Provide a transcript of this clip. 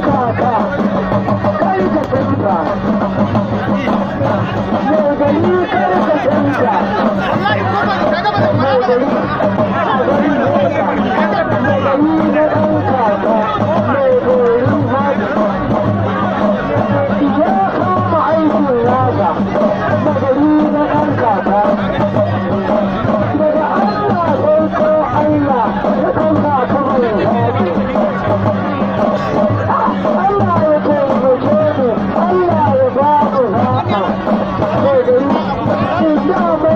Baba. Punjab